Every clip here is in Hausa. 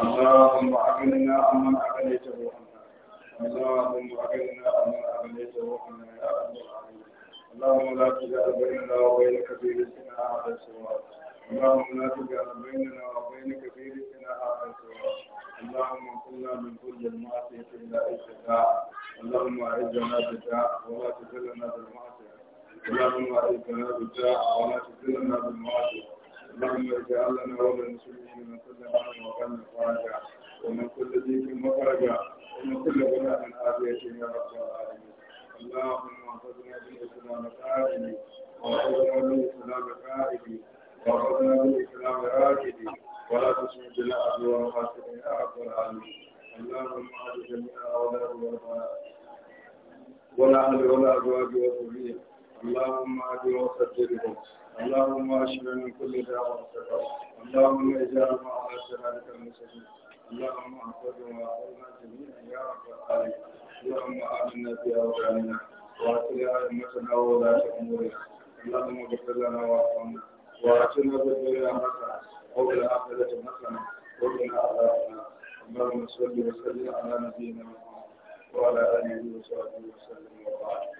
اللهم أغننا عمن أغنيته عنا اللهم أغننا عمن أغنيته عنا يا رب العالمين اللهم لا تجعل بيننا وبين كبيرتنا هذا سواء اللهم لا تجعل بيننا وبين كبيرتنا هذا سواء اللهم كنا من كل المعصية إلا إجتاع اللهم أعزنا بتاع ولا تذلنا بالمعصية اللهم أعزنا بتاع ولا تذلنا بالمعصية اللهم اجعل لنا وللمسلمين من كل هم وغم فرجا ومن كل ضيق مخرجا ومن كل بلاء عافية يا رب العالمين اللهم انصرنا بالاسلام قائدي وانصرنا بالاسلام قائدي وانصرنا بالاسلام راكدي ولا تسمع بلا ادوار خاسر يا رب العالمين اللهم اعز جميع اولاد والبنات ولا اهل ولا ازواج وذريه اللهم اعز وسددهم اللهم اشفنا من كل داء وسقط اللهم اجعل ما على المسلمين اللهم احفظنا واحفظنا جميعا يا رب العالمين اللهم امنا في اوطاننا واصل ائمتنا وولاة امورنا اللهم اغفر لنا وارحمنا واتنا بالدنيا حسنه وفي الاخره حسنه وقنا اللهم صل وسلم على نبينا محمد وعلى اله وصحبه وسلم وبارك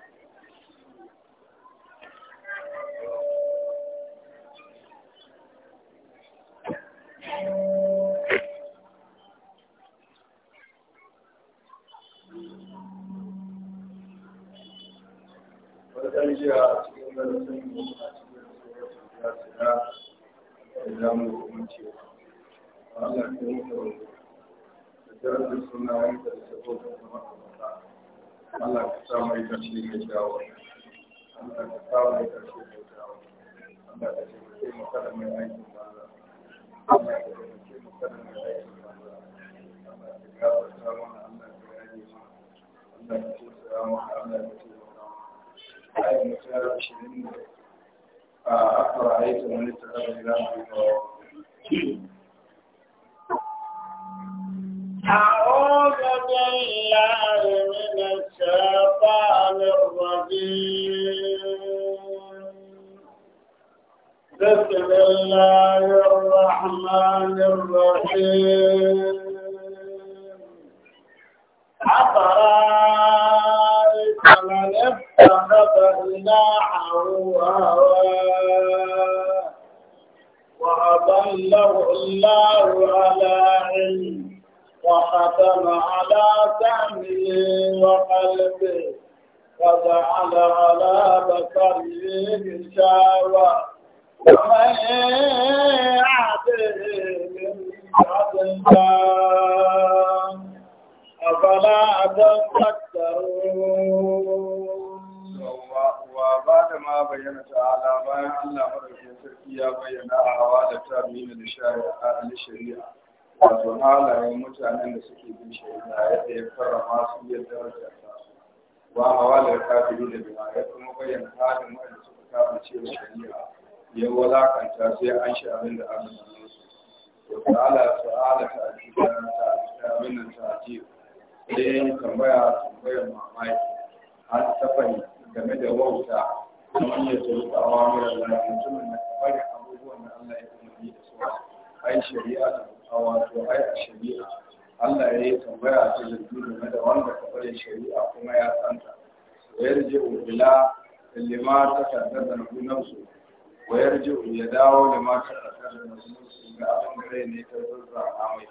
dan jiya a Allah ya ce آية مثال عشرين أفرأيتم من اتخذ إلهه أعوذ بالله من الشيطان الرجيم بسم الله الرحمن الرحيم أفرأيت من اتخذ فهديناه وهواه وأضله الله على علم وختم على سمعه وقلبه وجعل على بصره غشاوة ومن يعده من أفلا تذكرون amma ba da ma bayyana ta'ala bayan Allah madaukakin sarki ya bayyana a hawa da tarmina da shari'a shari'a wato halayen mutanen da suke bin shari'a yadda ya karrama su yadda daraja ta su wa hawa da kafiri da biya kuma bayyana halin wanda suka kafa cewa shari'a ya walakanta sai an sha abin da aka sanar su wa ta'ala ta'ala ta'ajiyar ta'ajiyar ta'ajiyar sai tambaya tambayar mamaki har ta fahimta game da wauta kamar ya tsoro a wani lalata mutumin da kamar da abubuwan da Allah ya umarni da su ai shari'a ta da wato ai shari'a Allah ya yi tambaya ta jirgi game da wanda ka kamar shari'a kuma ya santa wa yarje ubila lima ta tattar da nunansu wa yarje ya dawo lima ta tattar da nunansu ga abin da rai ne ta zurza a mai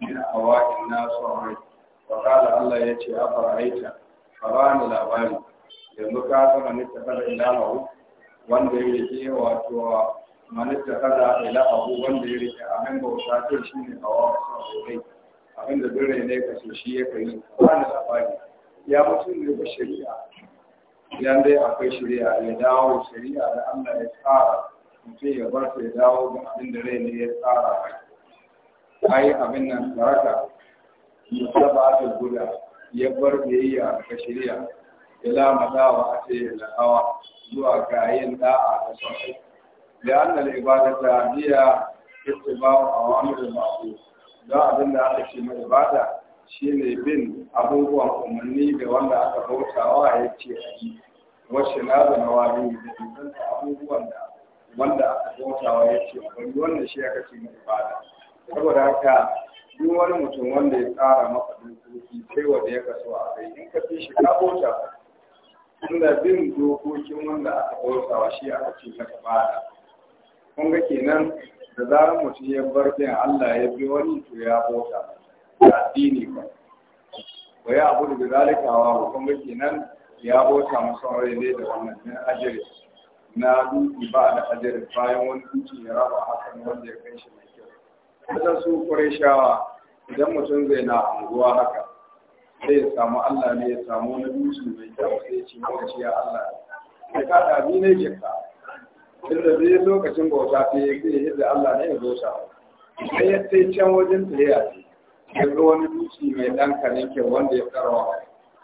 min awa'in nasu a mai wa kala Allah ya ce a fara'aita a bani labari yanzu ka ga manista kada ilahu wanda ya rike wato manista kada ilahu wanda ya rike a nan bauta ce shi ne hawa Abin da dole ne ka so shi ya kai ni labari ya mutum ne ba shari'a idan dai akwai shari'a ya dawo shari'a da Allah ya tsara mutum ya bar ya dawo ga abin da rai ne ya tsara ai abin nan baraka ta guda ya bar biyayya ga shari'a ila madawa a ce hawa zuwa ga yin da'a da sauƙi da annal ibadata biya ittiba'u awamir ma'ruf don abin da aka ce mai ibada Shi ne bin abubuwan umarni da wanda aka bautawa ya ce a yi wasu na da nawabi da dukkan abubuwan da wanda aka bautawa ya ce a bari shi aka ce mai ibada saboda haka duk wani mutum wanda ya tsara maka dokoki sai wanda ya kaso a kai in ka fi shi ka bauta inda bin dokokin wanda aka wa shi aka ce mata bada kun ga kenan da zarar mutum ya bar bin Allah ya bi wani to ya bauta da addini ba wa ya abu da zalikawa ba kun ga kenan ya bauta musu rai ne da wannan din ajiri na duki ba da ajiri bayan wani duki ya raba hakan wanda ya kai shi mai kyau. Kusan su shawa idan mutum zai na anguwa haka sai ya samu Allah ne ya samu wani dutse mai kyau sai ya ci mawaci ya Allah ya kada bi ne ke ka inda zai lokacin bauta ta ya zai yadda Allah ne ya zo sa sai ya sai can wajen ta ya zo wani dutse mai dan kare ke wanda ya karawa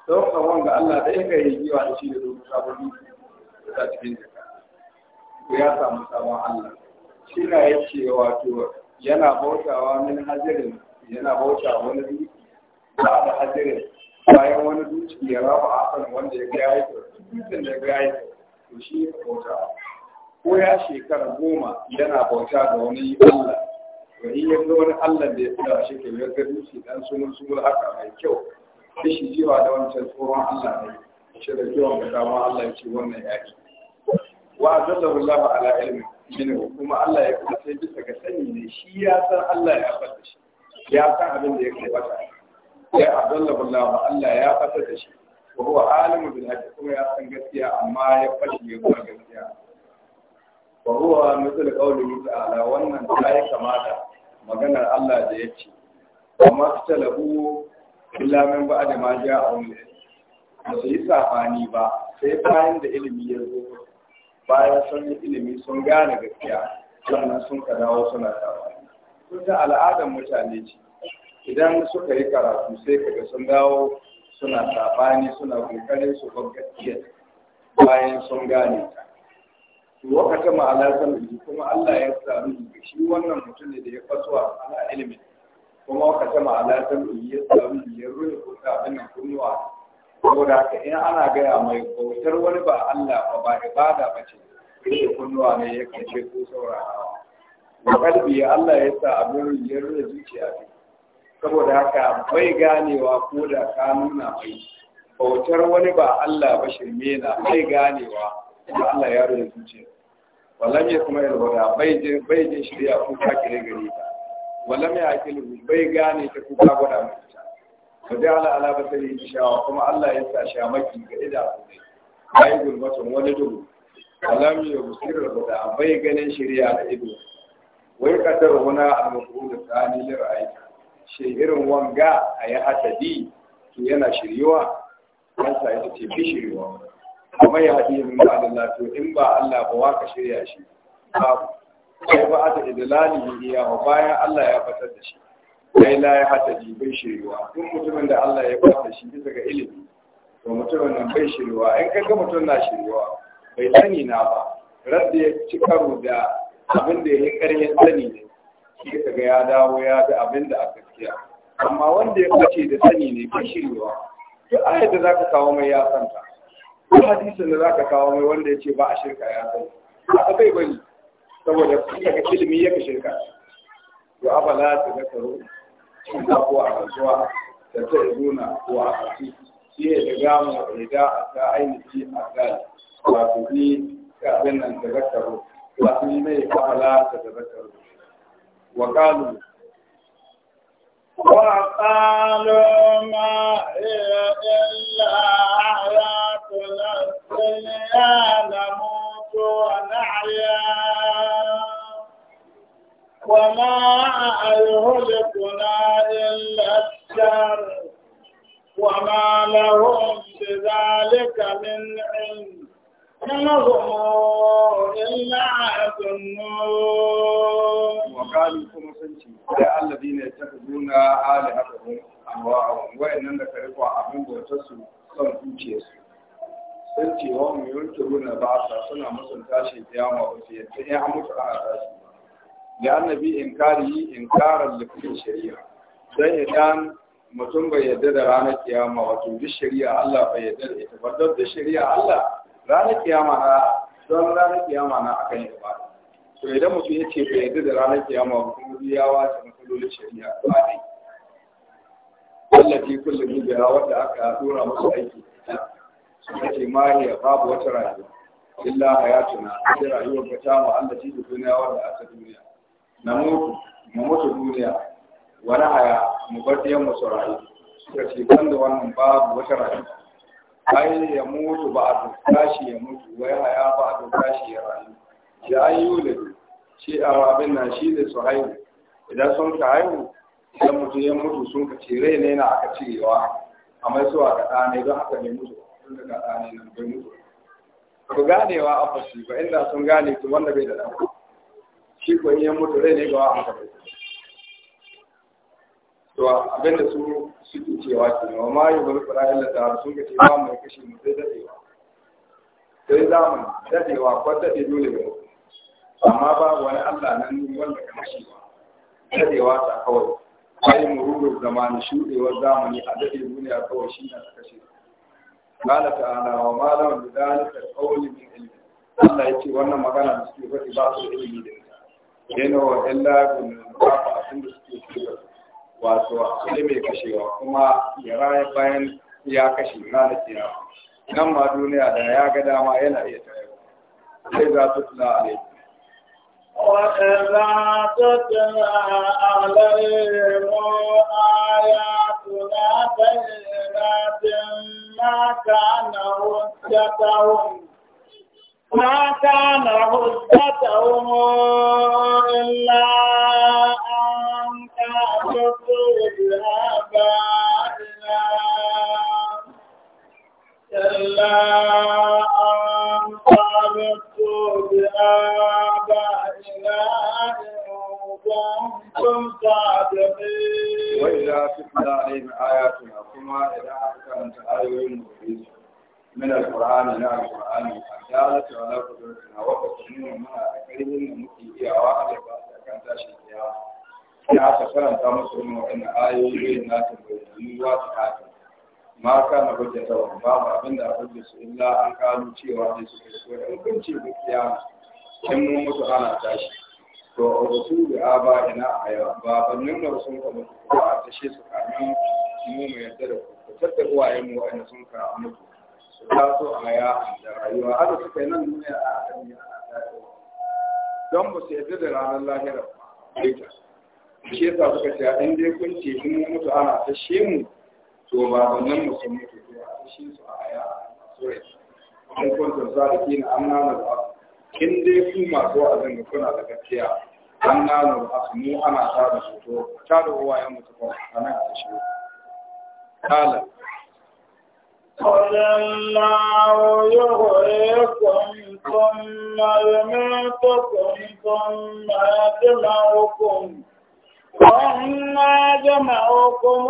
ka wanga Allah da ya yi giwa da shi da zo sabon dutse ta cikin jaka ya samu sabon Allah shi na ya ce wato yana bautawa min hajirin yana bautawa wani dutse ba da hadirin bayan wani duci ya rafa a kan wanda ya ga yayi dutsen da ya ga yayi to shi ya bauta ko ya shekara goma yana bauta da wani Allah to in ya ga wani Allah da ya tsaya shi ke ya ga duci dan sunan sunan haka mai kyau sai shi jiwa da wancan tsoron Allah ne shi da kyau ga dama Allah ya ce wannan yaki wa azallahu Allah ala ilmi minhu kuma Allah ya kuma sai bisa ga sani ne shi ya san Allah ya fada shi ya san abin da ya kai wata. sai abdalla ba Allah ya fata da shi wa huwa alimu bil haqq kuma ya san gaskiya amma ya fashi ya kuma gaskiya wa huwa misal qawlihi ta'ala wannan tayi kama maganar Allah da yake amma talahu illa min ba'da ma ja'a ba su yi safani ba sai bayan da ilimi ya zo bayan sun yi ilimi sun gane gaskiya sannan sun ka dawo suna safani kun al'adar mutane ce idan suka yi karatu sai kaga sun dawo suna sabani suna kokarin su gaskiya bayan sun gane ta to waka ta ma'ala sanin kuma Allah ya samu shi wannan mutum ne da ya fasuwa ala ilimi kuma waka ta ma'ala sanin ya samu ya rufe kuka abin nan kunnuwa saboda haka in ana gaya mai bautar wani ba Allah ba ba ibada ba ce rufe ne ya kace ko saurawa wa kalbi Allah ya sa abin ya rufe zuciya ta. saboda haka bai ganewa ko da ka nuna mai bautar wani ba Allah ba shirme na bai ganewa da Allah ya rubuta zuciya wallan ya kuma yarwada bai je bai je shirya ko ka kire gare ta wallan ya akilu bai gane ta ko ka gwada mai ta to dai Allah ala basari shawa kuma Allah ya sa maki ga idanu ne ai gulmatun wani dubu wallan ya musirar da bai ganin shirya da ido wai kadar wani al-mafhum da tsani lir'ayi shi irin wanga a yi hasadi su yana shiryuwa kansa ita ce fi shiryuwa amma ya haɗi min ba Allah to in ba Allah ba wa ka shirya shi babu sai ba a ta ya ba. bayan Allah ya fatar da shi kai la ya hasadi bai shiryuwa in mutumin da Allah ya fata shi bisa ga ilimi to mutumin nan bai shiryuwa in ga mutum na shiryuwa bai sani na ba radda ya ci karo da abin da ya yi karyar sani ne sai kaga ya dawo ya bi abin da aka tsaya amma wanda ya bace da sani ne ba shirewa duk ayar da zaka kawo mai ya santa duk hadisin da zaka kawo mai wanda ya ce ba a shirka ya sani haka bai bani saboda daga ilimi ya ka shirka to abala ta ga karo cin ko a zuwa da ta izuna ko a ci shi ya daga mu rida a ta ainihi a gal wato ni ka abin nan da zakaro wato ni mai abala ta da zakaro وقالوا وقالوا ما هي إلا حياتنا الدنيا نموت ونحيا وما يهلكنا إلا الشر وما لهم بذلك من علم إنهم إلا يظنون kalu kuma sun ci da allazi ne ta zuna ali haka ne a awon wayannan da ka riko abin bautar su son kuce su sun ce wa mu yanke runa ba sa suna musunta shi kiyama ba su yadda ya mutu ana tashi da annabi in inkarar lafiyar shari'a dan idan mutum bai yadda da ranar kiyama wato duk shari'a Allah bai yadda da ita ba da shari'a Allah ranar kiyama na don ranar kiyama na akan ibada to idan mutum ya ce bai yadda da ranar kiyama ba kuma ya wace matsalolin shari'a ba dai wallafi kullum bibiya wanda aka dora masa aiki Su ne ce mariya babu wata rayuwa illa hayatuna ita rayuwar ka ta mu Allah da duniya wanda aka duniya na mutu mu mutu duniya wani haya mu bar ɗayan mu saurayi suka ce kan da wannan babu wata rayuwa ai ya mutu ba a tashi ya mutu wai haya ba a tashi ya rayu ya ayyule shi a abin nan shi da su haihu idan sun ka haihu idan mutum ya mutu sun ka ce rai ne na aka cirewa a mai a kaɗa ne don haka ne mutu sun ka ne nan bai mutu ku ganewa a fashi ba inda sun gane ki wanda bai da ɗan shi ko in ya mutu rai ne ga wa aka bai to abin da su suke cewa ke wa ma yi bari fara illa da sun ka ce ba mai kashe mutu daɗewa sai zamani daɗewa ko daɗe dole ba amma ba wani Allah nan wanda ka mashi ba dadewa ta kawai ai mururur zamani shuɗewar zamani a dade duniya kawai shi na kashe qala ta'ala wa ma lahu bi dhalika qawl min ilmi Allah yace wannan magana da suke faɗi ba su ilimi da ita yana wa illa bin rafa abin da suke ba. wato mai kashewa kuma ya raya bayan ya kashe ranar kiyama nan ma duniya da ya ga dama yana iya tayar sai za su tuna alaihi وإذا تتلى عليهم آياتنا بينات ما كان حجتهم ما كان حجتهم إلا أن كفروا بآبائنا إلا أن كفروا بآبائنا كنتم تعلمين وإذا تتلى عليهم آياتنا كما إذا أحكمت آيوين مفيد من القرآن لا القرآن أدالت على قدرتنا وقصنون ما أكرمهم مكيئة وعلى بعد كان تاشي ya ta karanta musu irin waɗannan ayoyi na tambayoyi wa ta ma ka na hujja ta wani babu abin da hujja su illa in kun mutu ana tashi to a wasu da aba ina a yawa babannin da sun kuma ko a tashe su kamin mu mu yarda da ku Ko tattar uwayen mu wa'anda sun ka mutu su taso a haya da rayuwa haka suka yi nan ne a akami a don ba su yarda da ranar lahira ba shi yasa suka ce in dai kun ce mu mutu ana tashe mu to babannin mu sun mutu to a su a haya a sura kun kwanta sa da kina amna na ba in dai ku masu wa'azin ga kuna da gaskiya an nanu a mu ana ta da su to ta da uwa yan mutu ko ana ta الله يغريكم ثم يميتكم ثم يجمعكم وإنا جمعكم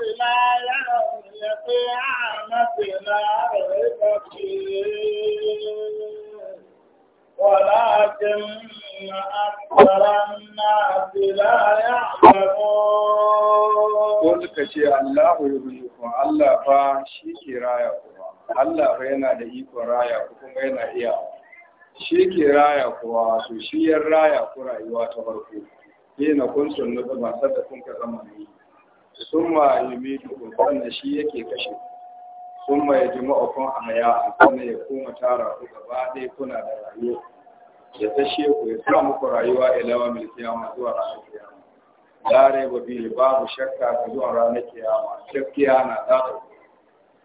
إلى يوم القيامة لا ريب فيه ولكن أكثر الناس لا يعلمون قل كشي الله يرزقكم الله فا شي كي رايكم Allah fa yana da ikon raya ku kuma yana iya shi ke raya kuwa to shi ya raya ku rayuwa ta farko ne na kun sunnu ba sadda kun ka zama ne sun ma yi mai tukun wannan shi yake kashe ku sun mai jima'a kun amaya kuma ya koma tara ku gaba ɗaya kuna da rayuwa ya tashe ku ya sa muku rayuwa ilawa mil kiyama zuwa ranar kiyama lare ba bi babu shakka ga zuwa ranar kiyama gaskiya na da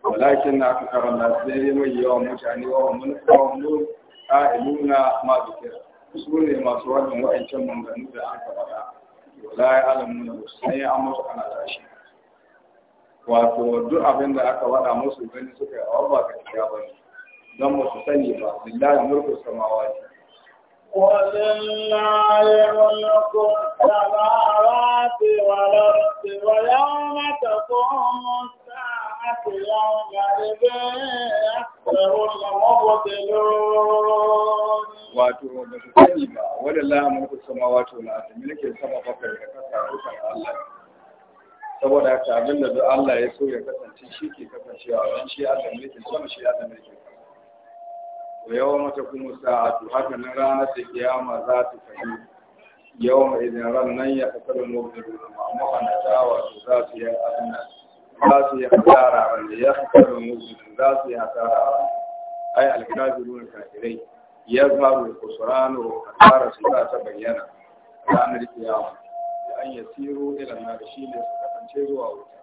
walakin na aka karanta sai dai mai yawan mutane wa mun kawo mun ka'iluna ma bikira su ne masu wannan wa'ancan manganu da an faɗa wala ya alamu na sai an musu ana tashi wato duk abin da aka wada musu gani suka yi awa ba shiga ba ne don ba su sani ba lillahi mulkin samawa ne ولله ملك السماوات والأرض ويوم تقوم يومئذ المبطلون. wato ba ولله ملك السماوات والأرض ملك السماوات والأرض saboda haka abin da Allah ya so ya kasance shi ke kasancewa don shi ya ne ke son shi Allah ne ke da yawa mata kuma sa'atu haka na ranar da kiyama za ta fahimta yawan idan ran nan ya kasar mubiru amma ana tawa su za su yi abin za su yi hasara wanda ya kasar mubiru za su yi hasara ai alkazi na kafirai ya zaru kusurano hasara su za ta bayyana ranar kiyama da an yasiru ila na shi ne su ce zuwa wuta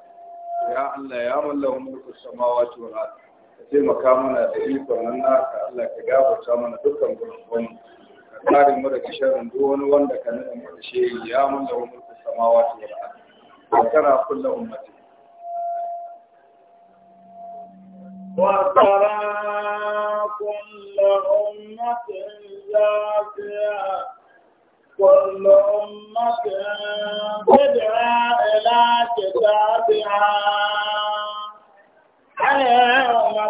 ya Allah ya mallaka mulkin samawati wal ardh ka taimaka mana da ikon nan naka Allah ka gafarta mana dukkan gurbin ka kare mu daga sharrin duk wani wanda ka nuna mu da shi ya mallaka mulkin samawati wal ardh wa kara kullu ummati وترى كل أمة جاثية كل أمة بدعة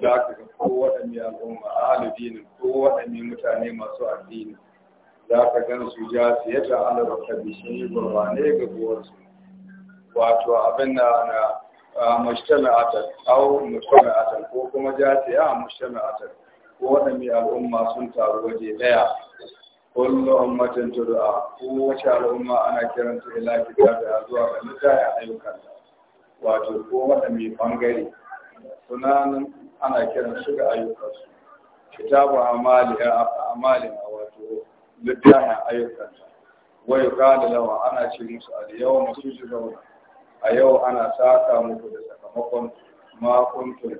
da aka ga kowaɗanne al'umma a halibinin kowaɗanne mutane masu addini za ka gan su ja su yata ala baka bishiyi gurbane ga buwarsu wato abin na na mashtala atal au mashtala atal ko kuma ja su ya mashtala atal kowaɗanne al'umma sun taru waje ɗaya kullu ummatin tud'a kowace al'umma ana kiran kiranta ila kitabi zuwa ga littafin ayyukanta wato ko wanda mai bangare sunanin ana kiran su ga ayyukansu kitabu amalin a wato littafin ayyukanta wai da lawa ana ce musu a yau masu ji zauna a yau ana saka muku da sakamakon makuntun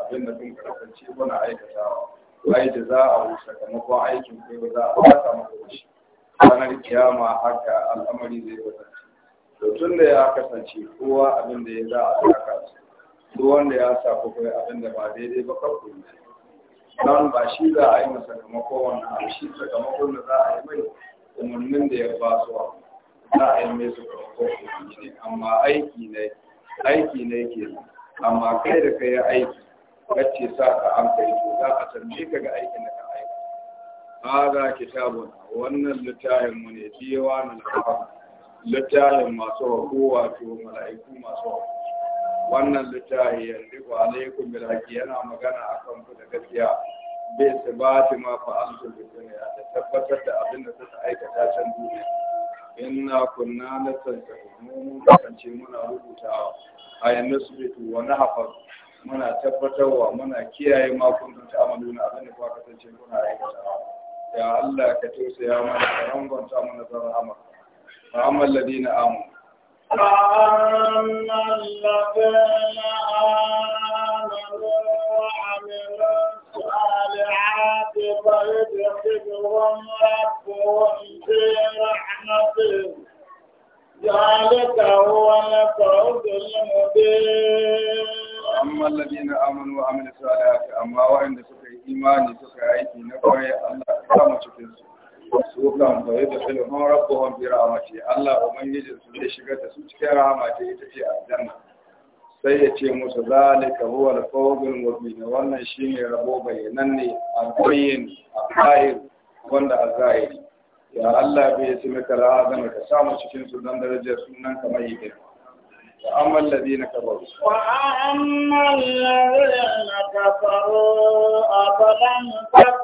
Abin da kun karfance kuna aikatawa ai da za a wuce sakamakon aikin kai za a saka muku da shi ranar kiyama haka al'amari zai kasance to tun da ya kasance kowa abin da ya za a saka su duk wanda ya sa ku kai abin da ba daidai ba kar ku ne don ba shi za a yi masa sakamako wannan abu shi sakamakon da za a yi mai umarnin da ya ba su za a yi mai sakamako ne amma aiki ne aiki ne ke amma kai da kai aiki kace sa ka kai ko. za a tambaye ka ga aikin da ka aiki hada kitabun wannan littafin mu ne biyawa na littafin masu hukuwa to mala'iku masu hukuwa wannan littafi yanzu ku alaikum bil yana magana akan ku da gaskiya bai sabati ma fa amsu bi dunya da tabbatar da abin da suka aikata can duniya inna kunna natantahu mun kasance muna rubutawa su nasbitu wa nahfaz muna tabbatarwa muna kiyaye ma kun ta amaluna abin da ku kasance kuna aikatawa ya Allah ka tausaya mana ka rangwanta mana zarhamar fa amma ladina amanu فأما الذين آمنوا وعملوا الصالحات فيدخلهم ربهم في رحمته ذلك هو الفوز المبين أما الذين آمنوا وعملوا الصالحات أما وعند سكر إيماني سكر أيتي نقوي الله كما تكنسوا sukan bai da filhun rabbuhun bi Allah ubangijin su zai shiga da su cikin rahama ta ita ce aljanna sai ya ce musu zalika huwa al-fawzul mubin wannan ne rabo bayananne ne bayyin al-zahir wanda al-zahiri ya Allah bai yi maka zama ka samu cikin su don darajar sunan kamar yake na الذين كفروا وأما الذين كفروا أفلم تكن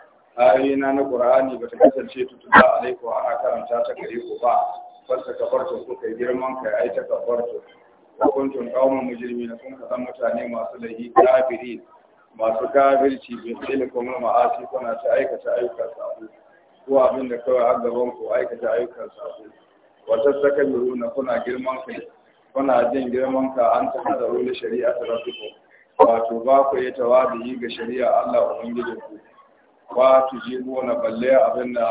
ayoyina na qur'ani ta kasance tutula alaiku a karanta ta kare ku ba fasta ko kai girman kai ai ta kafartu hukuntun kauman mujrimi na kun kasan mutane masu laifi, kafiri masu kafirci bin a ma'asi kuna ta aikata ayyukan sabo ko abin da kawai har gaban ku aikata ayyukan sabo wata saka biyu na kuna girman kai kuna jin girman ka an ta da wani shari'a ta rafiku wato ba ku yi tawadi ga shari'a Allah ubangijinku wa tujibu na balle abinda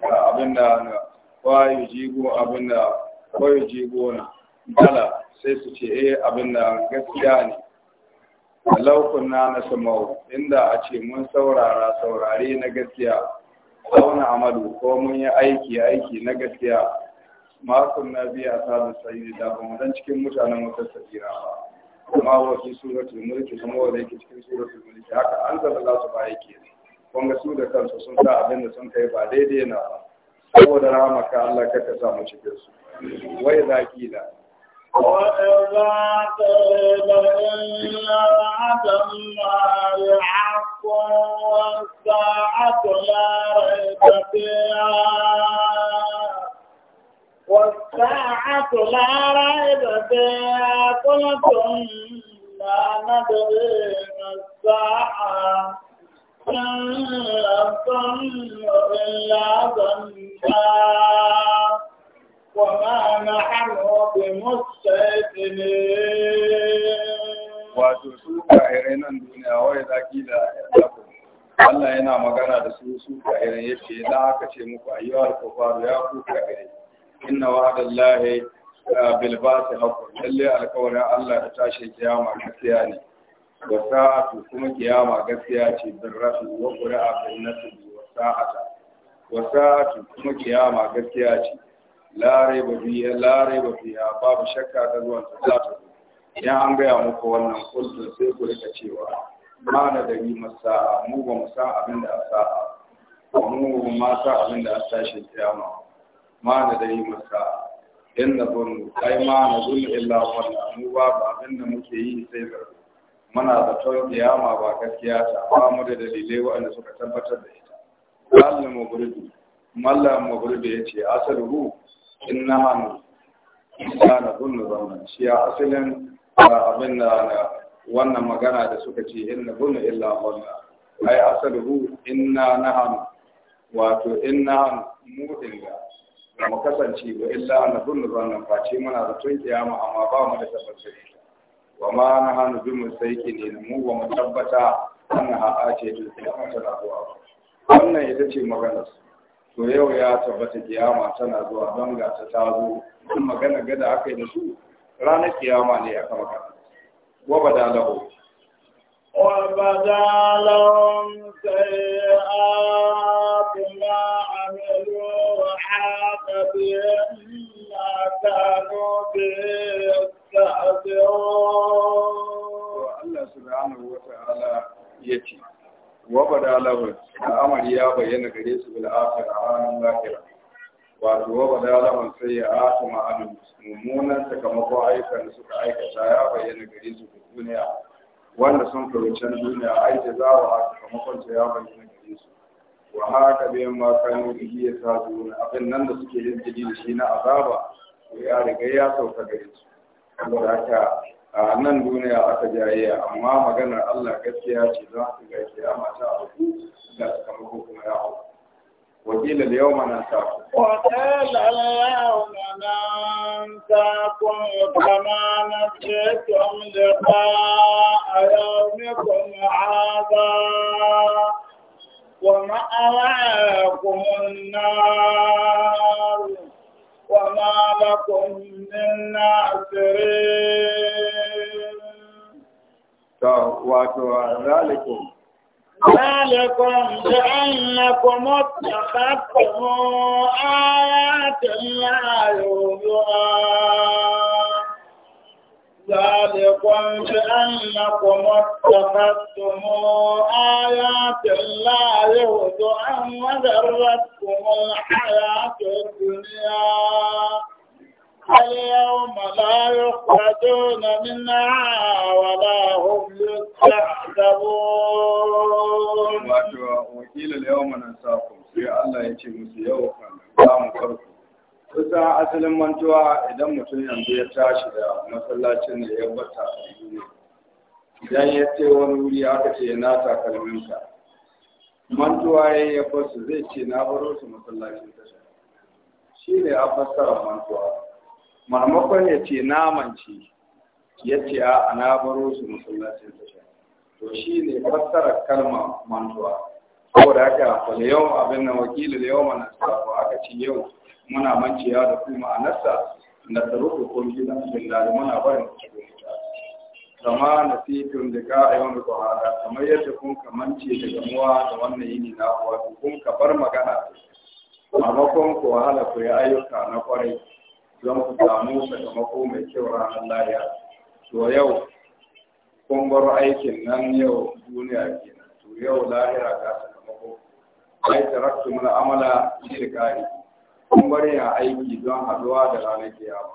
da abin da wa yujibu abinda da wa yujibu na bala sai su ce eh abinda da gaskiya ne laukun na na samau inda a ce mun saurara saurare na gaskiya sauna amalu ko mun yi aiki aiki na gaskiya makon na biya ta da sayi da ban wadan cikin mutanen wata sabira ba kuma wasu suratul mulki kuma wanda yake cikin suratul mulki haka an zaba za su ba yake ne wanda su da kansu sun sa abin da sun kai ba daidai na ba saboda ramaka Allah ka ka samu cikin su wai za kila وإذا والساعة لا ريب فيها قلتم ما ندري ما الساعة إلا ظنا وما نحن بمستيقنين wato su kahirai nan duniya wai za ki da yaku Allah yana magana da su su kahirai ya ce na aka ce muku ayyuwar kufaru ya ku kahirai inna wa'adallahi ah, bil ba'thi haqqun lalle alkawarin Allah da tashi kiyama gaskiya ne wa sa'atu kuma kiyama gaskiya ce bin rafi wa a bin nasb wa sa'ata wa sa'atu kuma kiyama gaskiya ce la ba biya. la raiba fiha babu shakka da zuwan ta zata zo idan an gaya muku wannan kullu sai ku rika cewa ma na da yi masa mu ba mu san abin da a sa'a mu ba ma san abin da a tashi kiyama ma na da yi masa in na zonu ai ma na zonu illa wannan mu ba abin da muke yi sai zarfi muna zaton kiyama ba gaskiya ta ba mu da dalilai waɗanda suka tabbatar da ita Allah maghribi mallam In yace asaluhu innaha kana dunnu zaman shi ya asalin abin da wannan magana da suka ce inna bunu illa wanda ai asaluhu inna hannu, wato inna mu dinga mu kasance ba illa na bunu zannan face muna da tun kiyama amma ba mu da tabbaci wa ma na hannu bi mu sai ki ne mu ba mu tabbata wannan ha'a ce ta kiyama tana zuwa wannan ita ce maganar to yau ya tabbata kiyama tana zuwa don ga ta tazo don magana gada aka yi da su ranar kiyama ne kama maka wa badalahu وبدا لهم سيئات ما عملوا وحاق بهم ما كانوا به Wa Allah ya الله سبحانه وتعالى يتي وبدا bayyana gare su بيان غريس بالآخر عن الآخرة wato wabada lawan sai ya ata ma'anin mummunan sakamakon ayyukan da suka aikata ya bayyana gare su ga duniya wanda sun furucin duniya ai da za a sakamakon ta ya bayyana gare su wa haka bayan ma kanu da iya sa abin nan da suke yin jiri da shi na azaba ya riga ya sauka gare su saboda haka a nan duniya aka jaye amma maganar Allah gaskiya ce don haka ga kiyama ta auku da sakamako kuma ya auku وقيل اليوم ننساكم وقيل اليوم ننساكم كما نسيتم لقاء يومكم هذا ومأواكم النار وما لكم من ناصرين واتو ذلكم ذلكم بأنكم اتخذتم آيات الله هزؤا ذلكم بأنكم اتخذتم آيات الله هزءا وذرتكم الحياة الدنيا اليوم لا يخرجون منها ولا هم يستعذبون. وقيل اليوم ننساكم في الله يتي مسيو كان قام kusa asalin mantuwa idan mutum yanzu ya tashi da masallacin da ya bar takalmi ne idan ya ce wani wuri aka ce na takalminka mantuwa ya yi su zai ce na baro su masallacin tashi shi ne a fassara mantuwa marmakon ya ce na mance ya ce a na baro su masallacin tashi to shi ne fassara kalma mantuwa saboda haka fa yau abin nan wakilin yau mana aka ce yau muna mancewa da ku ma'anarsa na taruku ko gidan muna barin ku cikin wuta kama na fitin da ka a yawan buhara kamar yadda kun ka mance da gamuwa da wannan yini na wato kun ka bar magana maimakon ku wahala ku yi ayyuka na kwarai don ku samu sakamako mai kyau ranar lahiya to yau kun bar aikin nan yau duniya kenan to yau lahira ga sakamako ai taraktu mun amala kare. kun bari ya aiki don haduwa da ranar kiyama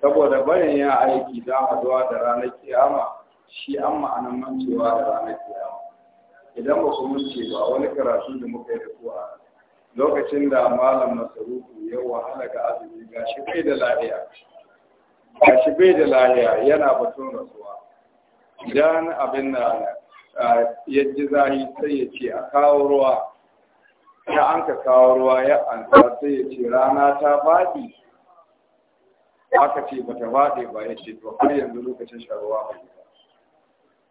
saboda barin ya aiki don haduwa da ranar kiyama shi an ma'anar mancewa da ranar kiyama idan ba ku mance ba wani karatu da muka yi da kuwa lokacin da malam masarufu ya wahala ga azumi ga shi bai da lahiya ga shi bai da lahiya yana batun rasuwa idan abin da ya ji zahi sai ya ce a kawo ruwa ta an ka kawo ruwa ya an sai ya ce rana ta faɗi aka ce bata faɗi ba ya ce to har yanzu lokacin sharuwa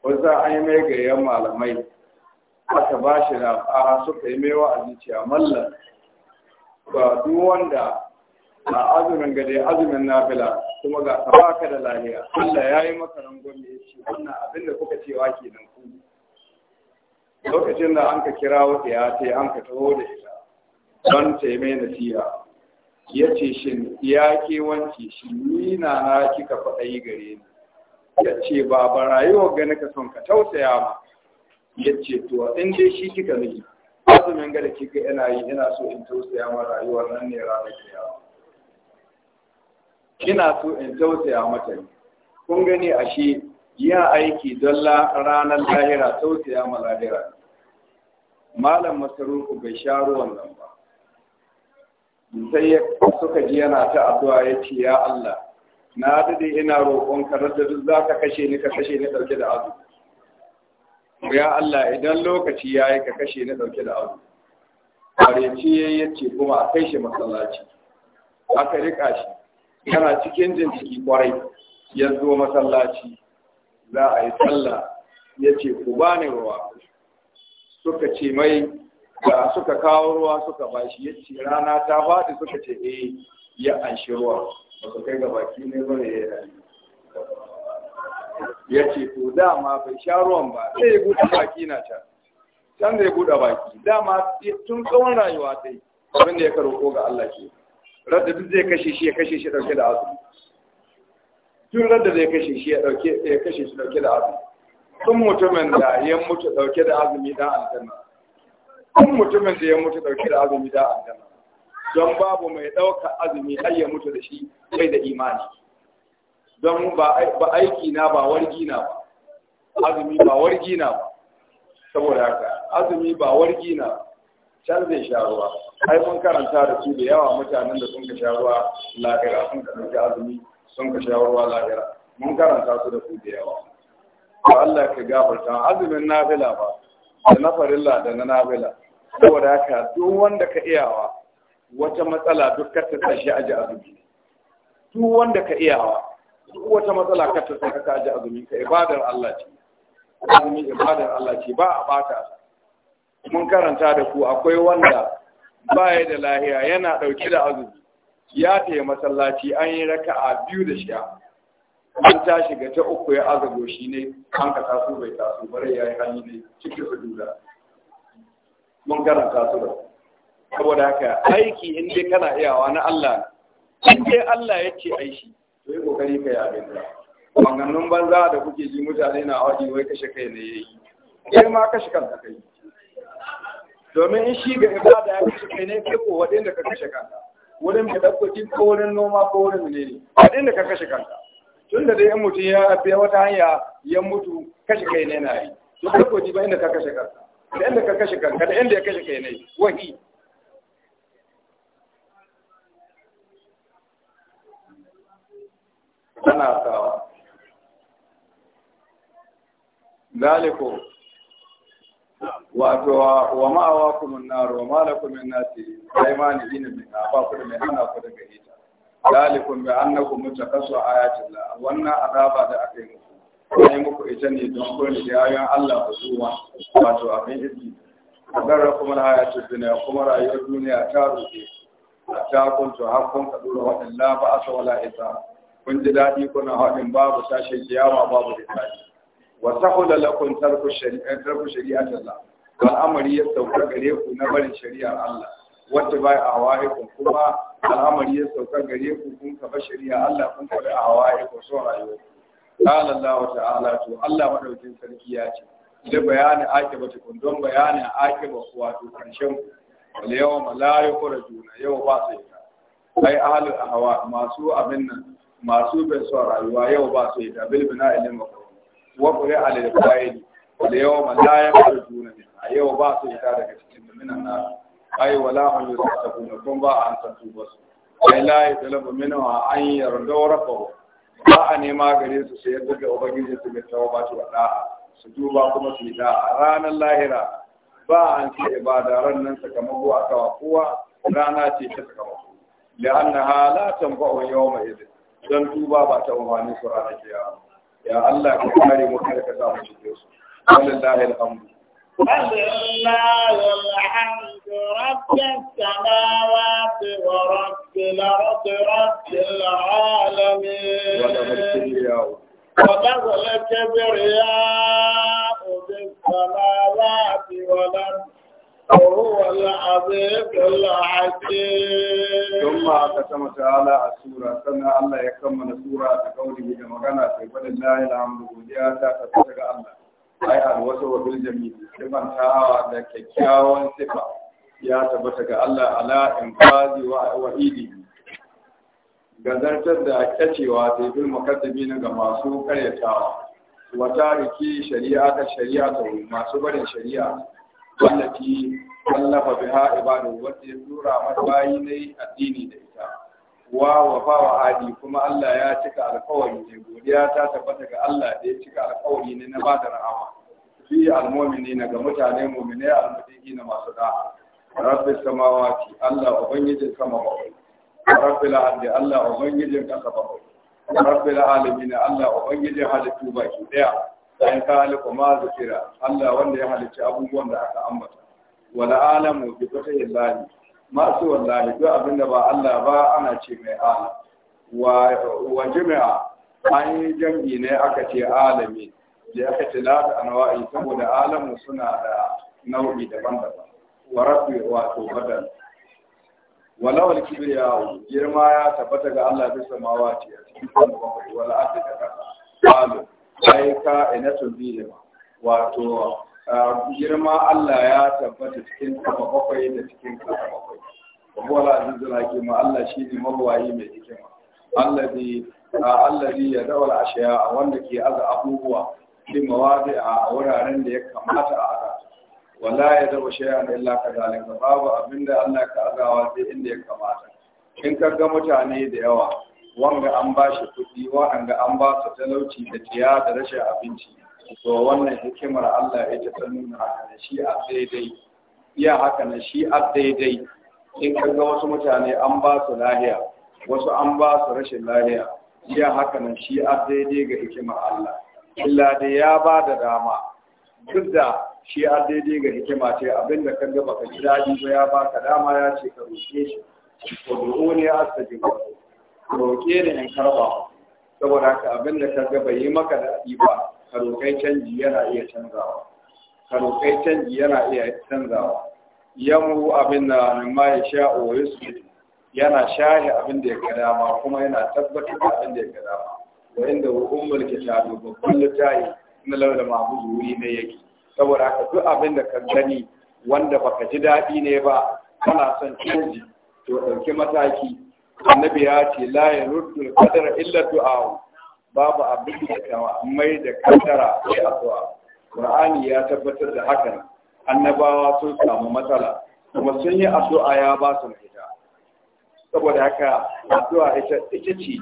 ba za an yi mai gayyan malamai aka ba shi na a suka yi mai a zuciya a mallan ba duk wanda a azumin gade azumin nafila kuma ga tabaka da lahiya Allah ya yi maka rangon ya ce wannan abin da kuka cewa nan ku lokacin da an ka kira wata ya ce an ka taho da ita don ta yi mai nasiha ya ce shi ya kewanci shi ni na na kika faɗa gare ni ya ce ba ba rayuwar gani ka son ka tausaya ma ya ce to in dai shi kika ne min gada kika yana yi yana so in tausaya ma rayuwar nan ne ke yawa ina so in tausaya mata ne kun gani ashe ya aiki don ranar lahira tausaya ma lahira malam masarufu bai sha ruwan nan ba sai suka ji yana ta addu'a ya ce ya Allah na dade ina roƙon ka da duk za ka kashe ni ka kashe ni dauke da azu ya Allah idan lokaci ya yi ka kashe ni dauke da azu ƙwareci ya yi ce kuma a kai shi masallaci aka riƙa shi kana cikin jin ciki kwarai ya zo masallaci za a yi sallah ya ce ku ba ni ruwa suka ce mai da suka kawo ruwa suka bashi ya ce rana ta faɗi suka ce eh ya anshi ruwa ba su kai ga baki ne ba ne ya ya ce to dama bai sha ruwan ba sai ya buɗe baki na can can zai buɗe baki dama tun tsawon rayuwa sai abin da ya karoko ga Allah ke radda duk zai kashe shi ya kashe shi ɗauke da azumi tun radda zai kashe shi ya ɗauke ya kashe shi ɗauke da azumi tun mutumin da ya mutu ɗauke da azumi dan aljanna kun mutumin da ya mutu dauke da azumi da aljanna don babu mai ɗauka azumi har ya mutu da shi sai da imani don ba aiki na ba wargi na ba azumi ba wargi na ba saboda haka azumi ba wargi na can zai sha ruwa ai mun karanta da su da yawa mutanen da sun ka sha ruwa lahira sun ka ɗauki azumi sun ka sha ruwa lahira mun karanta su da su da yawa Ba Allah ka gafarta azumin nafila ba da na farilla da na nafila saboda haka duk wanda ka iyawa wata matsala duk ka ta shi aji azumi duk wanda ka iyawa duk wata matsala ka ta ka aji azumi ka ibadar Allah ce azumi ibadar Allah ce ba a bata mun karanta da ku akwai wanda baya da lahiya yana dauke da azumi ya yi masallaci an yi raka'a biyu da shiya an ta shiga ta uku ya azago shi ne an ka taso bai taso bare ya yi hannu ne cikin hudura mun karanta su da saboda haka aiki in dai kana iyawa na Allah in dai Allah ya ce ai shi to yi kokari ka yi abin da maganganun banza da kuke ji mutane na awaji wai kashe kai ne yayi kai ma kashe kanka kai domin in shi ga ibada ya kashe kai ne kai ko wadin da ka kashe kanka wurin da dabbobi ko wurin noma ko wurin ne ne wadin da ka kashe kanka tun da dai mutum ya biya wata hanya ya mutu kashe kai ne na yi to dabbobi ba inda ka kashe kanka da inda ka kashe kanka da inda ya kashe kai ne wahi ana sawa zaliko wato wa ma'awa kuma naro wa malakum min nasi sai ma ni ina min ba ku mai hana ku daga ita zalikum bi annakum mutakassu ayatillah wannan azaba da aka yi yi muku ita ne don koyi da ayoyin Allah ba huzuwa wato abin izini garra kuma hayatu duniya kuma rayuwar duniya ta roƙe. A ta kuntu har kun ka dora wadan la ba asa wala isa kun ji dadi kuna haɗin babu sashen kiyama babu lissafi wa sahula lakum tarku shari'a eh, tarku shari'atin Allah wal amri ya sauka gare ku na barin shari'ar Allah wacce bai a hawaiku kuma al'amari ya sauka gare ku kun kafa bar shari'ar Allah kun ka a a hawaiku so rayuwa قال الله تعالى تو الله مدوكين sarki ya ce da bayanin akiba tukun don bayanin akiba wato karshen yawa mala'iku juna yau ba su yi ai a hawa masu abin nan masu bin son rayuwa yau ba su yi ta, da bilbina ilin wa quri al qaidi da yawa juna ne, a yau ba su yi ta daga cikin minan na ai wala yi hun yusabuna kun ba an san su ba su ai la yadlamu minhu an yardaw rabbahu ba a nema gare su sai yadda ga ubangiji su mai ba su wada su duba kuma su yi a ranar lahira ba an ce da ran nan sakamako a kawa kowa rana ce ta sakamako na halatan ba wa yau mai idin don duba ba ta umarni su ranar kiyama ya Allah ka kare mu kada ka samu cikin su wallahi hamdu فلله الحمد رب السماوات ورب الأرض رب العالمين وله الكبرياء في السماوات والأرض وهو العزيز الحكيم ثم قسم تعالى السورة سنة الله يكمل سورة تقوله بمغنى في فلله العمد وجاءتا فتتقى الله ai alwasu wa bil jamil sifantawa da kyakkyawan sifa ya tabbata ga Allah ala infazi wa wa'idi gazartar da kyacewa ta bil mukaddimi ga masu karyatawa wata tariki shari'a ta shari'a ta masu barin shari'a wallati wallafa biha ibadu wanda ya tura ne addini da wa wafa wa adi kuma Allah ya cika alƙawari, ne godiya ta tabbata ga Allah da ya cika alƙawari ne na bada rahama fi almu'minina ga mutane mu'minai na masu da'a rabbi samawati Allah ubangijin sama bakwai rabbi al-ardi Allah ubangijin kasa bakwai rabbi al-alamin Allah ubangijin halittu baki daya dan khaliqu ma zikira Allah wanda ya halicci abubuwan da aka ambata wal alamu bi fatahi Allah masu wallahi duk abin da ba Allah ba ana ce mai ala wa jami'a an yi jam'i ne aka ce alami da aka ce la da anwa'i saboda alamu suna da nau'i daban-daban wa wa wato badal walau al-kibriya girma ya tabbata ga Allah bi samawati a cikin sama wal ardi da kasa qalu ay ka inatul bihima wato Ah, girma Allah ya tabbata cikin sama bakwai da cikin kasa bakwai wala azizul hakim Allah shi ne mabawayi mai hikima Allah allazi ya dawal ashiya wanda ke aza abubuwa fi mawadi a wuraren da ya kamata a aza wala ya dawal shay'a illa kadhalika babu abinda Allah ka azawa sai inda ya kamata in ka ga mutane da yawa wanga an ba shi kuɗi wa'anda an ba su talauci da ciya da rashin abinci to wannan hikimar Allah ya ta nuna haka shi a daidai iya haka na shi a daidai in ka ga wasu mutane an ba su lahiya wasu an ba su rashin lahiya iya haka na shi a daidai ga hikimar Allah illa da ya ba da dama duk da shi a daidai ga hikima ce abinda kan gaba baka ji daɗi ba ya ba ka dama ya ce ka roƙe shi ko duhu ne a sajin roƙe ne in karɓa saboda haka abinda ga bai yi maka daɗi ba Karokai canji yana iya canzawa karokai canji yana iya canzawa yamu abin da mimma ya sha'o ya su yana shahi abin da ya ga dama kuma yana tabbatar da abin da ya ga dama wa inda ummul kitabu babban littafi na laula ma huzuri ne yake saboda haka duk abin da ka gani wanda baka ji daɗi ne ba kana son canji to ɗauki mataki annabi ya ce la yaruddu qadara illa du'a babu abin da ka mai da kaddara sai addu'a Qur'ani ya tabbatar da hakan annabawa sun samu matsala kuma sun yi addu'a ya ba su mafita saboda haka addu'a ita ita ce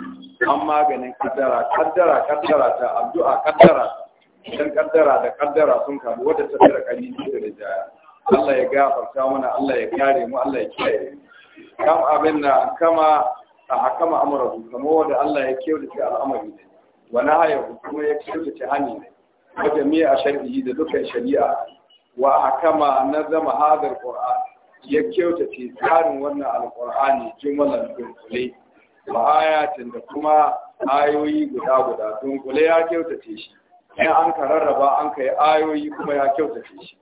an maganin kaddara kaddara kaddara ta addu'a kaddara dan kaddara da kaddara sun kamu wadda ta tsara kalli da rijaya Allah ya gafarta mana Allah ya kare mu Allah ya kiyaye kam abin da kama a hakama amurahu kamar wanda Allah ya shi al'amari ne Wani nahaya kuma ya ta hani ne wa a shar'i da dukkan shari'a wa na zama hadar qur'an ya kyautace tsarin wannan alqur'ani jumlan dunkule ba ayatin da kuma ayoyi guda guda dunkule ya kyautace shi in an ka rarraba an kai ayoyi kuma ya kyautace shi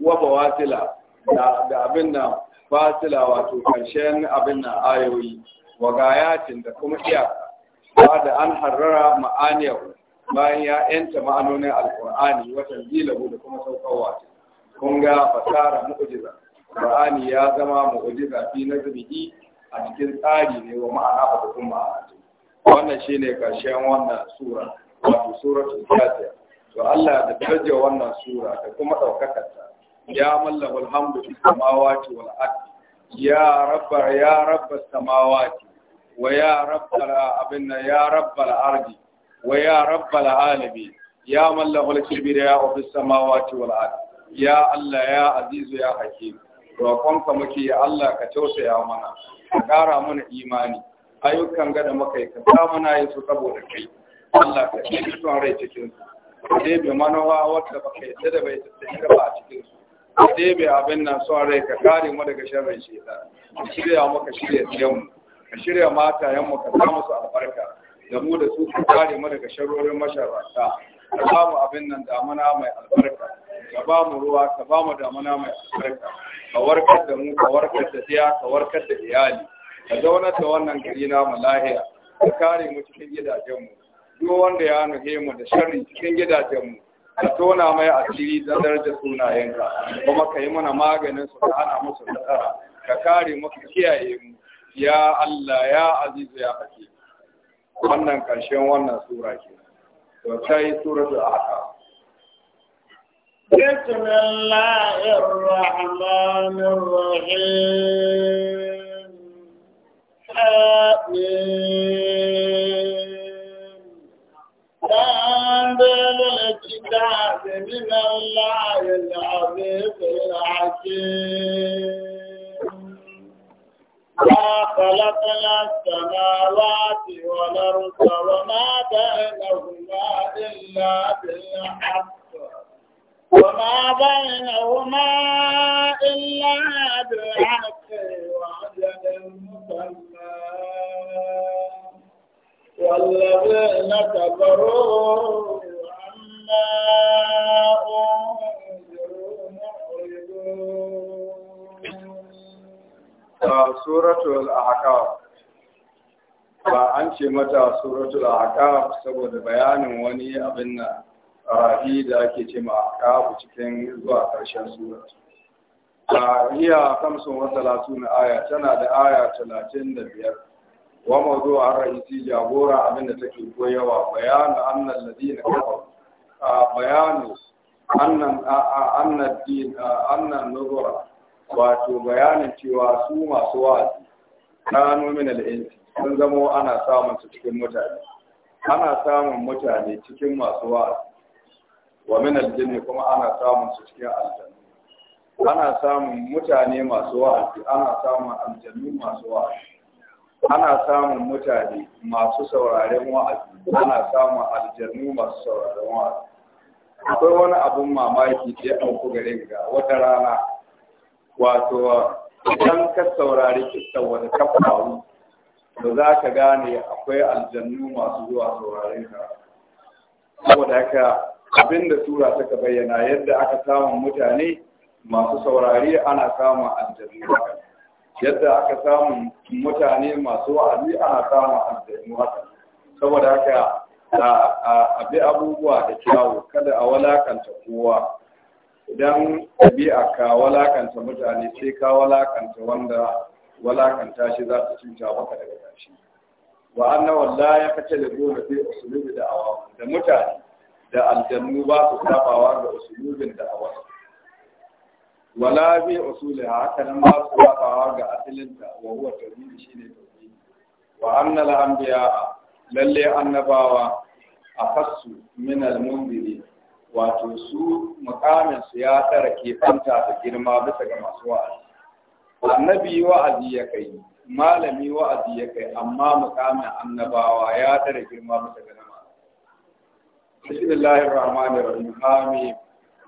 wa bawasila da abin nan fasila wato ƙarshen abin na ayoyi wa gayatin da kuma iyaka. Bada da an harrara ma'aniyar bayan ya yanta ma'anonin alkur'ani watan jilahu da kuma saukawa kun ga fasara mu'ujiza qur'ani ya zama mu'ujiza fi nazmihi a cikin tsari ne wa ma'ana ba da kuma ma'ana wannan shine karshen wannan sura wato suratul fatiha to Allah da darajar wannan sura da kuma daukakar ta ya mallakul alhamdu fis samawati wal ya rabba ya rabba samawati wa ya rabbal abinna ya rabbal ardi wa ya rabbal alamin ya mallakul kibir ya ofis samawati wal ardi ya Allah ya azizu ya hakim roƙonka muke ya Allah ka tausaya mana ka ƙara mana imani ayyukan gada muka yi ka sa mana su saboda kai Allah ka ɗauki son rai cikin su ka ɗebe manawa wadda ba ka yadda da bai a abin rai ka kare mu daga shirya maka ka shirya matayen mu ka samu su albarka da mu da su ka kare mu daga sharorin masharata ka ba mu abin nan damana mai albarka ka ba mu ruwa ka ba mu damana mai albarka ka warkar da mu ka warkar da diya ka warkar da iyali ka zaunar da wannan gari na mu lahiya ka kare mu cikin gidajenmu duk wanda ya nuhe mu da sharri cikin gidajenmu ka tona mai asiri da darajar sunayenka kuma ka yi mana maganin su ka hana musu nasara ka kare mu ka kiyaye mu ya Allah ya azizu ya hakim wannan ƙarshen wannan sura ke to ta yi suratul ahqaf بسم الله الرحمن الرحيم آمين تنزل الكتاب من الله العزيز الحكيم ما خلقنا السماوات والأرض وما بينهما إلا بالحق وما بينهما إلا بالحق وعجل مسمى والذين كفروا عما أنزل suratul ahqaf ba an ce mata suratul ahqaf saboda bayanin wani abin na rahi da ake ce ma ahqaf cikin zuwa karshen surat a iya kamsun wata latuna aya tana da aya talatin da biyar wa mawdu a ra'isi jagora abin da take koyawa bayanu annal ladina kafaru bayanu annan annan din annan nuzura wato bayanin cewa su masu wa'azi Na min al sun zamo ana samun su cikin mutane ana samun mutane cikin masu wa'azi wa min aljini kuma ana samun su cikin aljannu. ana samun mutane masu wa'azi ana samun aljannu masu wa'azi ana samun mutane masu sauraren wa'azi ana samun aljannu masu sauraren wa'azi akwai wani abun mamaki da ya ɗauku gare ga wata rana wato idan ka saurari kisan wani kafawu da za ka gane akwai aljannu masu zuwa saurarin ka saboda haka abinda tura suka bayyana yadda aka samun mutane masu saurari ana samun aljannu haka yadda aka samun mutane masu wa'azi ana samun aljannu haka saboda haka a bi abubuwa da kyawu kada a walakanta kowa idan ɗabi'a ka walakanta mutane sai ka walakanta wanda walakanta shi za su cinta maka daga ƙarshe wa anna wallahi ya kace da gona sai usulubi da awa da mutane da aljannu ba su sabawa ga usulubin da awa wala bi usuli haka nan ba su sabawa ga asalinta wa huwa tauhid shine tauhid wa anna al-anbiya lalle annabawa akassu min al-mundirin wato su mukamin su ya tsara kefanta da girma bisa ga masu wa'azi annabi wa'azi ya kai malami wa'azi ya kai amma mukamin annabawa ya tsara girma bisa ga nama bismillahir rahmanir rahim amin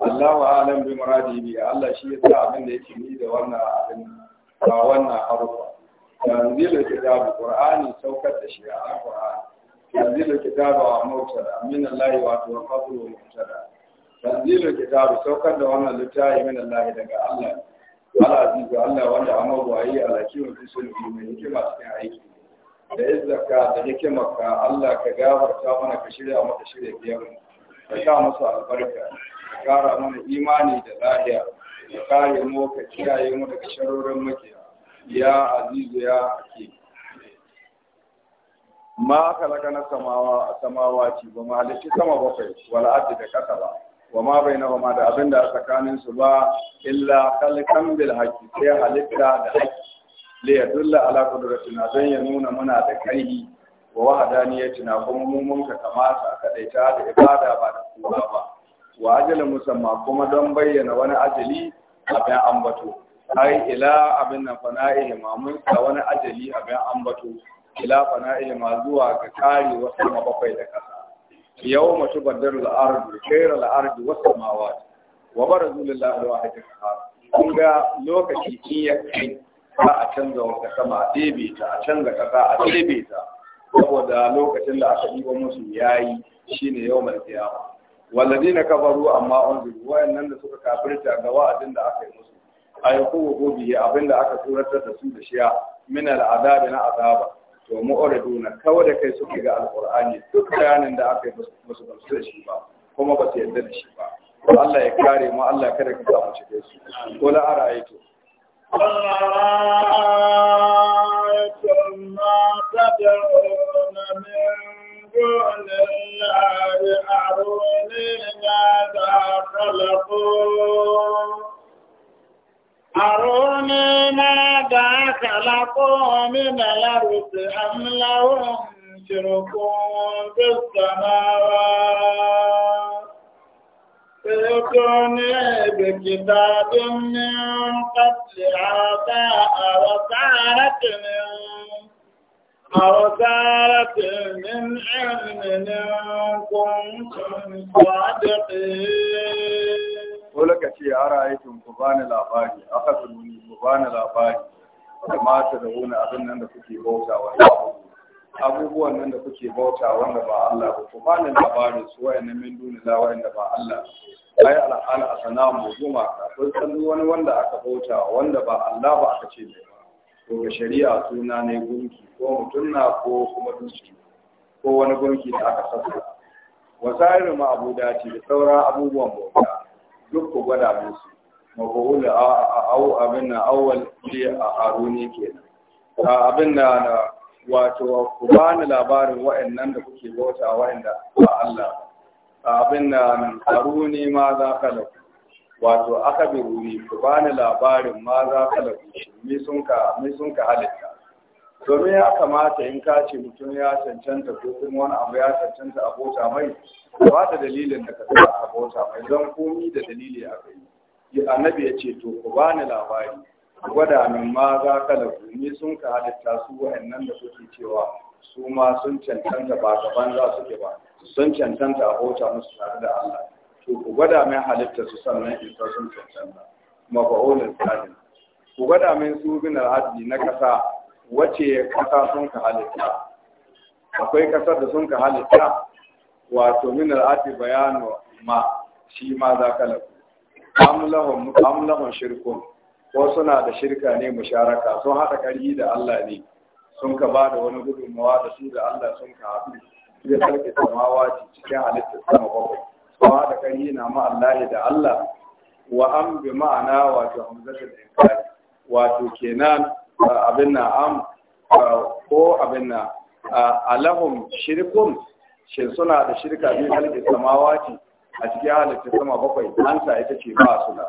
Allah wa alam bi muradihi Allah shi ya sa abin da yake ni da wannan abin ba wannan harufa tanzilu kitabu qur'ani saukar da shi a qur'ani tanzilu kitabu wa mubtada min Allah wa tuwafatu mubtada tanzilul kitabu saukar da wannan littafi min Allah daga Allah wal azizu Allah wanda amma wayi alhakimu fi sulhi mai hikima cikin aiki da izzaka da hikimarka Allah ka gafarta mana ka shirya maka shirya biyar ka sa musu albarka ka kara mana imani da lahiya ka kare mu ka kiyaye mu daga sharorin makiya ya azizu ya hakim ma kalaka na samawa samawa ci ba ma halitta sama bakwai wal ardi da kasa ba wa ma bainahuma da abin da tsakanin su ba illa khalqan bil haqqi sai halitta da haqqi li yadulla ala qudratina dan ya nuna muna da karhi wa wahdaniyyatina kuma mun mun ka kamata kadaita da ibada ba da kowa ba wa ajali musamma kuma don bayyana wani ajali bayan ambato ai ila abin nan fana'ihi ma mun ka wani ajali bayan ambato ila fana'ihi ma zuwa ga kare wasu bakwai da kasa yawma tubaddalu al-ardu ghayra al-ardi was samawati wa barazu lillahi al-wahid al-qahhar kun ga lokaci in ya kai za a canza wata sama a ɗebe ta a canza kasa a ɗebe ta saboda lokacin da aka ɗiba musu yayi shine yawmal qiyama walladina kafaru amma unziru wayannan da suka kafirta ga wa'azin da aka yi musu ayyuhu bihi abinda aka turatar da su da shiya min al-adabi na azaba to mu'riduna kawai da kai suke ga alqur'ani duk bayanin da aka yi musu da shi ba kuma ba su yarda da shi ba Allah ya kare mu Allah kada ka samu da su ko la ta da ما تدعون من دون الله أروني ماذا أروني ماذا خلقوا من الأرض أم لهم شرك في السماوات ائتوني بكتاب من قبل هذا أو أو سارة من علم إن كنتم صادقين. ولك شيء أرأيتم bani labari aka zununi ku bani labari kuma ta da wani abin nan da kuke bauta wanda abubuwan nan da kuke bauta wanda ba Allah ba ku bani labarin su wayannan min dunila wayanda ba Allah ai al'ala asana mu goma kun san wani wanda aka bauta wanda ba Allah ba aka ce mai to ga shari'a suna ne gunki ko mutum na ko kuma dutse ko wani gunki da aka sassa wasairu ma abu da sauran abubuwan bauta duk ku gwada musu mafi'ul a abin na awal ne a haruni kenan abin da wato ku bani labarin wa'annan da kuke bauta wa'anda ba Allah abin da haruni ma za ka lafi wato aka bi wuri ku bani labarin ma za ka lafi me sun ka sun ka halitta domin ya kamata in ka ce mutum ya cancanta ko kuma wani abu ya cancanta abota mai ba da dalilin da ka a abota mai don komi da dalili a kai annabi ya ce to ku bani labari gwada min ma za ka lafu ni sun ka halitta su wa'annan da kuke cewa su ma sun cancanta ba gaban za su ke ba sun cancanta a hota musu tare da Allah to ku gwada min halitta su sannan in sa sun cancanta mafa'ulul tsari ku gwada min su bin al'adi na kasa wace kasa sun ka halitta akwai kasar da sun ka halitta wato min al'adi bayanu ma shi ma za ka lafu amlahum shirkun ko suna da shirka ne musharaka sun haɗa ƙarfi da Allah ne sun ka ba da wani gudunmawa da su da Allah sun ka haɗu zai sarki samawa cikin halittar sama bakwai sun haɗa ƙarfi na ma'allahi da Allah wa am bi ma'ana wato hamzatul inkari wato kenan abin na am ko abin na alahum shirkun shin suna da shirka bi halittar samawa ce a cikin halitta sama bakwai ansa ita ce ba su da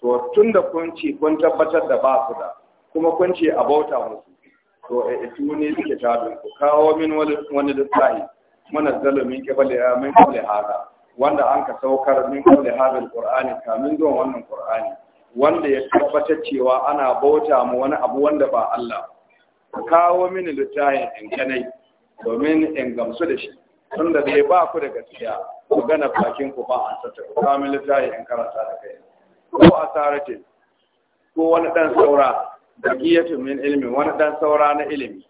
to tun da kun ce kun tabbatar da ba su da kuma kun ce a bauta musu to a eh, itu eh, ne suke tadun ku kawo min wani lissahi mana zalumin kibali ya min kule eh, haka wanda an ka saukar min kule haka alqur'ani kamin zuwa wannan qur'ani wanda ya tabbatar cewa ana bauta mu wani abu wanda ba Allah ku kawo mini littafin in kanai domin in gamsu da shi tunda dai ba ku da gaskiya ku bakin ku ba an sata ku sami littafi in karanta da kai ko a sarate ko wani dan saura da giyatu min ilmi wani dan saura na ilimi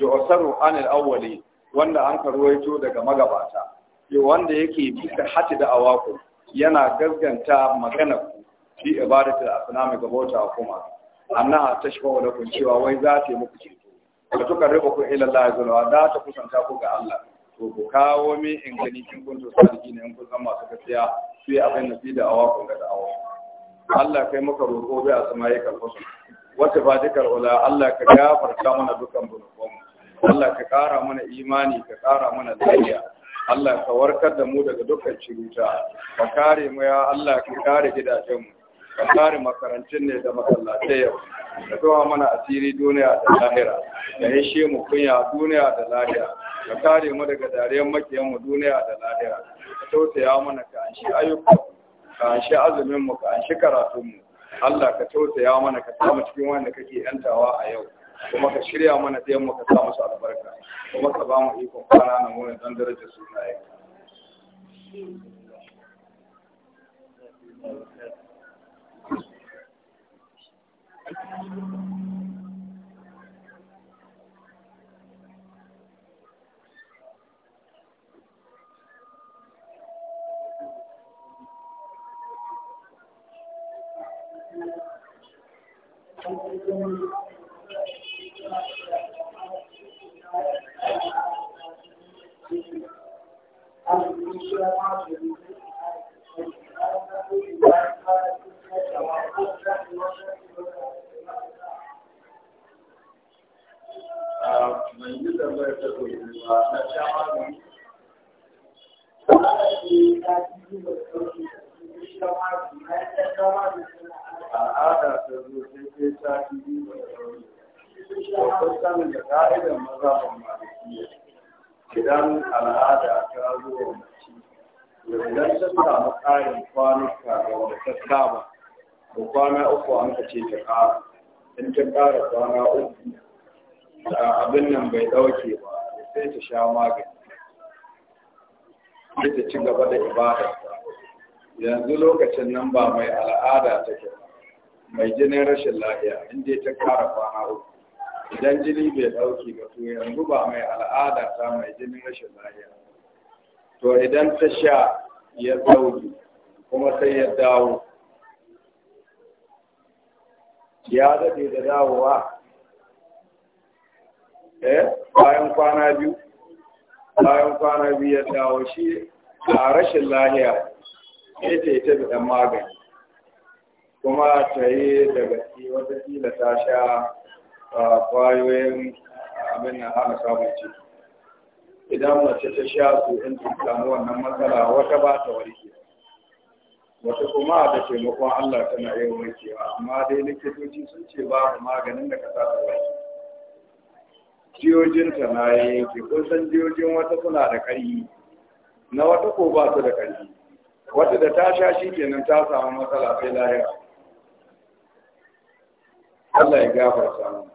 yu'saru anil awwali wanda an karwaito daga magabata yo wanda yake bisa hati da awaku yana gaskanta magana ku fi ibadatul asnami ga bauta kuma annaha da kun cewa wai za ta yi muku ceto ka tuka riba ku ila Allah zuwa da ta kusanta ku ga Allah to ku kawo min in gani kin kun to sadiki ne in kun san masu gaskiya su yi abin da fi da awa kun ga da Allah kai muka roƙo bai a sama wata ba dukar ula Allah ka gafarta mana dukkan bunukon Allah ka ƙara mana imani ka ƙara mana lafiya Allah ka warkar da mu daga dukkan ciruta ka kare mu ya Allah ka kare gidajen mu ka kare makarantun ne da masallatai yau ka zuwa mana asiri duniya da lahira ka shi mu kunya duniya da lahira ka kare mu daga dariyar makiyan mu duniya da lahira ka tausaya mana ka anshi ayyuka ka anshi azumin mu ka shi karatun mu Allah ka tausaya mana ka samu cikin wanda kake yantawa a yau kuma ka shirya mana ɗayan mu ka ta musu albarka kuma ka ba mu ikon kwana na mu dan darajar sunaye Thank you. idan ta samu ƙarin kwanuka ga wanda ta saba da kwana uku an ka ce ta ƙara in ta ƙara kwana uku da abin nan bai ɗauke ba sai ta sha magani sai ta ci gaba da ibadarta yanzu lokacin nan ba mai al'ada ta ke. mai jinin rashin lafiya in dai ta ƙara kwana uku idan jini bai ɗauke ba to yanzu ba mai al'ada ta mai jinin rashin lafiya to idan ta sha ya zauji kuma sai ya dawo ya daɗe da dawowa eh bayan kwana biyu bayan kwana biyu ya dawo shi a rashin lahiya ya ce ta biɗan magani kuma ta yi da wata watakila ta sha kwayoyin ah, abin na hana samun ciki idan mace ta sha su in ta samu wannan matsala wata ba ta warke wata kuma da taimakon Allah tana yin warkewa amma dai likitoci sun ce ba mu maganin da ka sa ta jiyojin jiyojinta na yanke kun san jiyojin wata suna da ƙarfi na wata ko ba su da ƙarfi wata da ta sha shi kenan ta samu matsala sai lahira Allah ya gafarta mu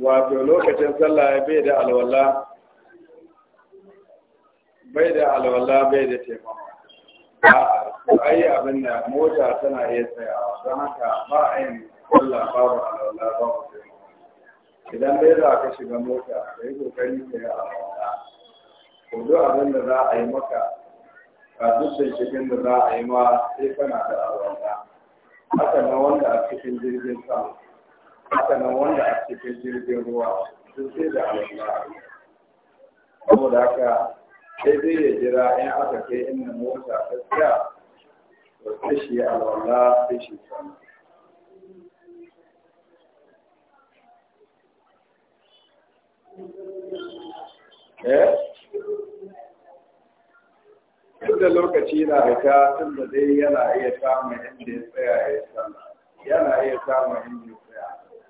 wato lokacin sallah bai da alwala bai da alwala bai da taimama a yi abin da mota tana iya tsayawa don haka ba a yin sallah wa alwala wa taimako, idan bai za ka shiga mota ka yi kokari ka yi alwala Kudu abin da za a yi maka ka duk cikin da za a yi ma sai kana da alwala haka na wanda a cikin jirgin sama haka na wanda a cikin jirgin ruwa sun sai da alwala saboda haka sai zai ya jira in aka kai inda mota ta tsaya to sai shi alwala sai shi sama Yeah. inda lokaci na rika, tun da dai yana iya samun inda ya tsaya ya sallah yana iya samun inda ya tsaya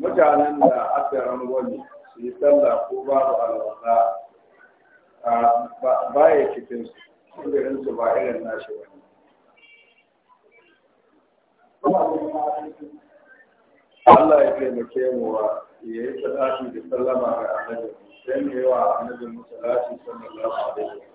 mutanen da aka rangwani su yi sallah ko ba su alwasa ba ya cikin su kudurin su ba irin nashi wani Allah ya taimake mu wa ya yi salati da sallama ga annabi sai yi wa annabi musallati sallallahu alaihi wasallam